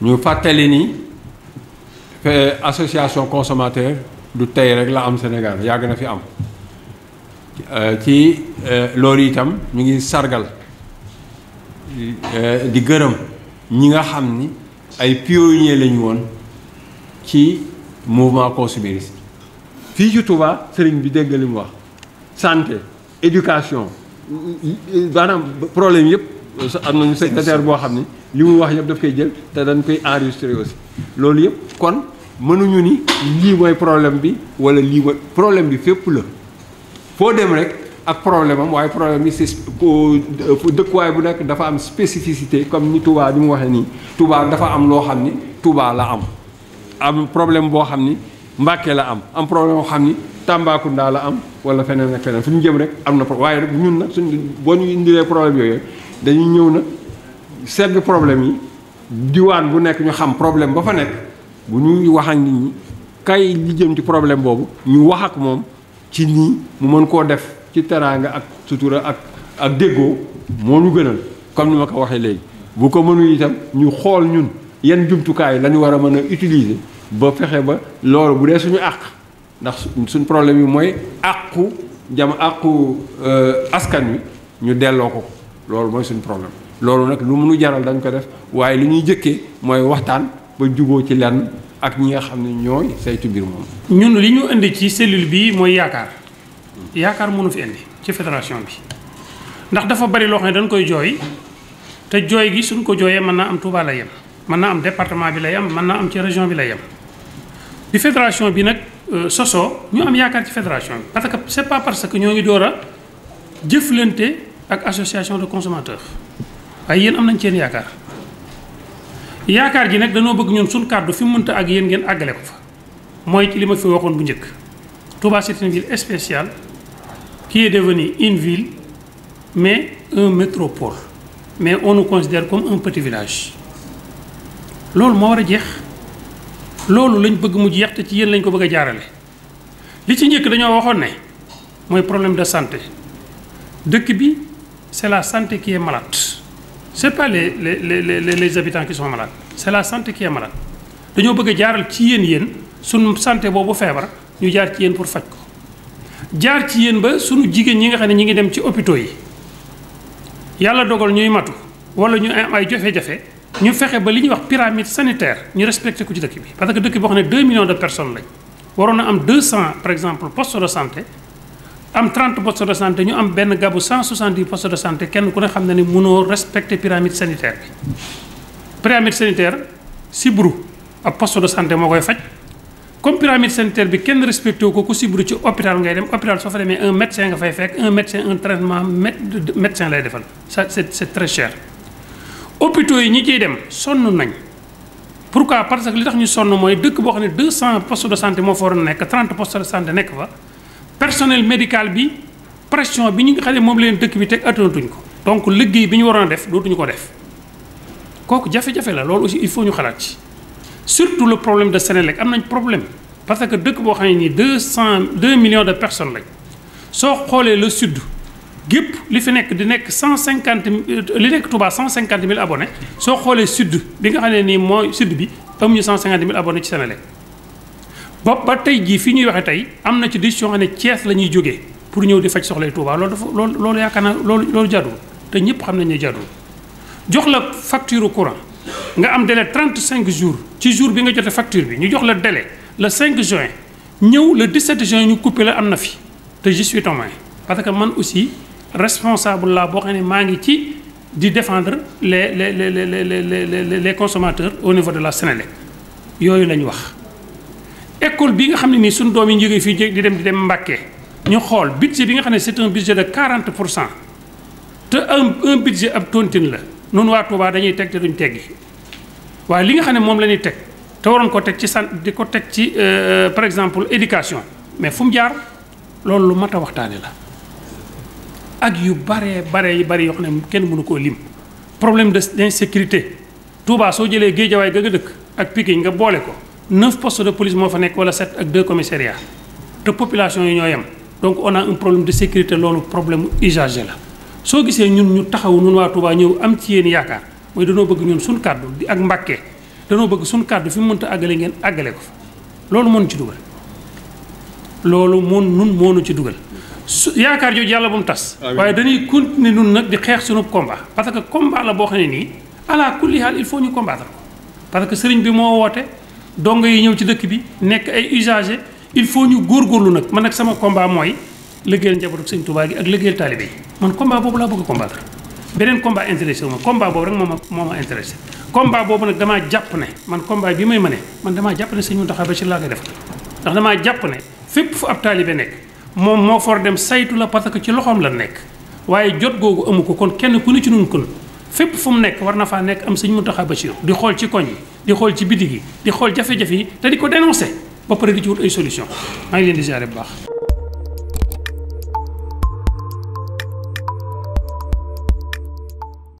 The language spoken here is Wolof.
ñu fàttali ni association consomateur du tey rek la am Sénégal yàgg na fi am euh, ci euh, loolu itam ñu ngi sargal euh, di gërëm ñi nga xam ni ay pionnier lañu woon ci mouvement consumériste fii ci Touba sëriñ bi dégg mu wax santé éducation maanaam problème yëpp am nañu secrétaire boo xam ni li mu wax yëpp daf koy jël te dañ koy enregistré aussi loolu yëpp kon mënuñu ni lii mooy problème bi wala lii mooy problème bi fépp la foo dem rek ak problème am waaye problème bi c'est dëkkuwaay bu nekk dafa am spécificité comme ni Touba ni mu waxee nii Touba dafa am loo xam ni Touba la am am problème boo xam ni Mbàkke la am am problème boo xam ni Tambacounda la am wala feneen ak feneen fu ñu jëm rek am na waaye rek ñun nag suñ boo ñu indilee problème yooyu dañuy ñëw na segg problème yi diwaan bu nekk ñu xam problème ba fa nekk bu ñuy wax ñi kay li jëm ci problème boobu ñu wax ak moom ci nii mu mën koo def ci teraanga ak sutura ak ak déggoo moo ñu gënal comme ni ma ko waxee léegi bu ko mënu itam ñu xool ñun yan jumtukaay la ñu war a mën a utiliser ba fexe ba loolu bu dee suñu àq ndax suñ problème yi mooy àqu jam àqu euh, askan wi ñu delloo ko loolu mooy suñu problème loolu nag lu mënu jaral dañ ko def waaye lu ñuy jëkkee mooy waxtaan ba juboo ci lenn ak ñi nga xam ne ñooy saytu mbir moom ñun li ñu indi ci cellule bi mooy yaakaar yaakaar munu fi indi ci fédération bi ndax dafa bari loo xam ne dañ koy jooy te jooy gi suñ ko jooyee mën naa am Touba la yem mën naa am département bi lay am mën naa am ci région bi lay yem bi fédération bi nag euh, sosoo ñu am yaakaar ci fédération bi parce que c'est pas parce que ñoo ngi door jëflante ak association de consommateurs waaye yéen am nañ seen yaakaar yaakaar ji nag dañoo bëgg ñun suñ kàddu fi mu mënta ak yéen ngeen àggale ko fa mooy ci li ma fi waxoon bu njëkk Touba c'est une espéciale spéciale qui est devenue une mais un métropole mais on nous considère comme un petit village loolu moo war a jeex loolu lañ bëgg mujj jeex te ci yéen lañ ko bëgg a jaarale li ci njëkk dañoo waxoon ne mooy problème de santé dëkk bi c'est la santé qui est malade c'est pas les les les les habitants qui sont malades c'est la santé qui est malade dañoo a jaaral ci yéen yéen suñu santé boobu feebar ñu jaar ci yéen pour faj jaar ci yéen ba suñu jigéen ñi nga xam ne ñi ngi dem ci hôpitaux yi yàlla dogal ñuy matu wala ñu ay jafe-jafe ñu fexe ba li ñuy wax pyramide sanitaire ñu respecté ko ci dëkk bi parce que dëkk boo xam ne 2 millions de personnes lañ waroon par exemple postes de santé am 30 postes de santé ñu am benn gabu 170 postes de santé kenn ku ne xam na ne mënoo respecter pyramide sanitaire bi pyramide sanitaire sibru ab poste de santé moo koy faj comme pyramide sanitaire bi kenn respecté wu ko ku sibru ci hôpital ngay dem hôpital soo fa demee un médecin nga fay fekk un médecin un traitement médecin lay defal ça c'est c'est très cher hôpitaux yi ñi ciy dem sonn nañ pourquoi parce que li tax ñu sonn mooy dëkk boo xam ne 200 postes de santé moo fa waroon nekk 30 personnel médical bi pression bi ñu nga xam ne moom leen dëkk bi teg attanatuñ ko donc liggéey bi ñu waroon a def dootuñu ko def kooku jafe-jafe la loolu aussi il faut ñu xalaat ci surtout le problème de Sénélec am nañ problème parce que dëkk boo xam ne nii deux cent deux millions de personnes lañ soo xoolee le sud gépp li fi nekk di nekk cent cinquante li nekk Touba cent cinquante mille abonnés soo xoolee sud bi nga xam ne nii mooy sud bi amuñu cent cinquante mille abonnés ci Sénélec bopp ba tey jii fi ñuy waxee tey am na ci décision xam ne Thiès la ñuy jógee pour ñëw di faj soxlay Touba loolu dafa loolu loolu yaakaar naa loolu loolu jaaduwul te ñëpp xam nañ ne jaaduwul jox la facture courant nga am trente cinq jours ci jour bi nga jotee facture bi ñu jox la délai le 5 juin ñëw le 17 juin ñu coupé la am na fi te je suis témoin parce que man aussi responsable laa boo xam ne maa ngi ci di defendre les les les les les les consommateurs au niveau de la Sénélec yooyu la ñu wax. école bi nga xam ne nii suñu doom yi ñu fi fii di dem di dem Mbàkke ñu xool budget bi nga xam ne c'est un budget de pour cent te un ab tontine la noonu dañuy teg te duñ teggi waaye li nga xam ne moom la teg te waroon ko teg ci sant di ko teg ci euh, euh, par exemple éducation mais fu mu jaar loolu lu mat a waxtaane la ak yu bare bare yu bari yoo xam kenn mënu koo lim problème de d'insécurité Touba soo jëlee Géejawaay ga nga dëkk ak Pikine nga boole ko neuf postes de police moo fa nekk wala sept ak deux commissariats te population yi ñoo yem donc on a un problème de sécurité loolu problème mu usagé la soo gisee ñun ñu taxaw ñun waa Touba ñëw am ci yéen yaakaar mooy danoo bëgg ñun suñ kàddu di ak Mbàkke danoo bëgg suñ kàddu fi mu mënta àggale ngeen àggale ko fa loolu moo ci dugal loolu moon nun moonu ci dugal su yaakaar jooju yàlla bu mu tas waaye dañuy continuer nun nag di xeex sunu combat parce que combat la boo xam ne nii ala kulli haal il faut ñu combattre parce que sëriñ dongo yi ñëw ci dëkk bi nekk ay usager il faut ñu góor góorlu nag man ak sama combat mooy liggéeyal njabootu sëñ Tuubaa gi ak liggéeyal taalibe yi man combat boobu laa bëgg a combattre beneen combat intéresé wu ma combat boobu rek moo ma moo ma intéressé boobu nag damaa jàpp ne man combat bi may mëne man damaa jàpp ne sëñ Muntaxa Bachir laa koy def ndax damaa jàpp ne fépp fu ab taalibe nekk moom moo for dem saytu la parce que ci loxoom la nekk waaye jot googu amu ko kon kenn ku ne ci nun kon fépp fu mu nekk war na faa nekk am sëñ Muntaxa Bachir di xool ci koñ di xool ci bitig yi di xool jafe-jafe yi te di ko dénoncé ba pare di ci wut ay solution maa leen di ziare bu baax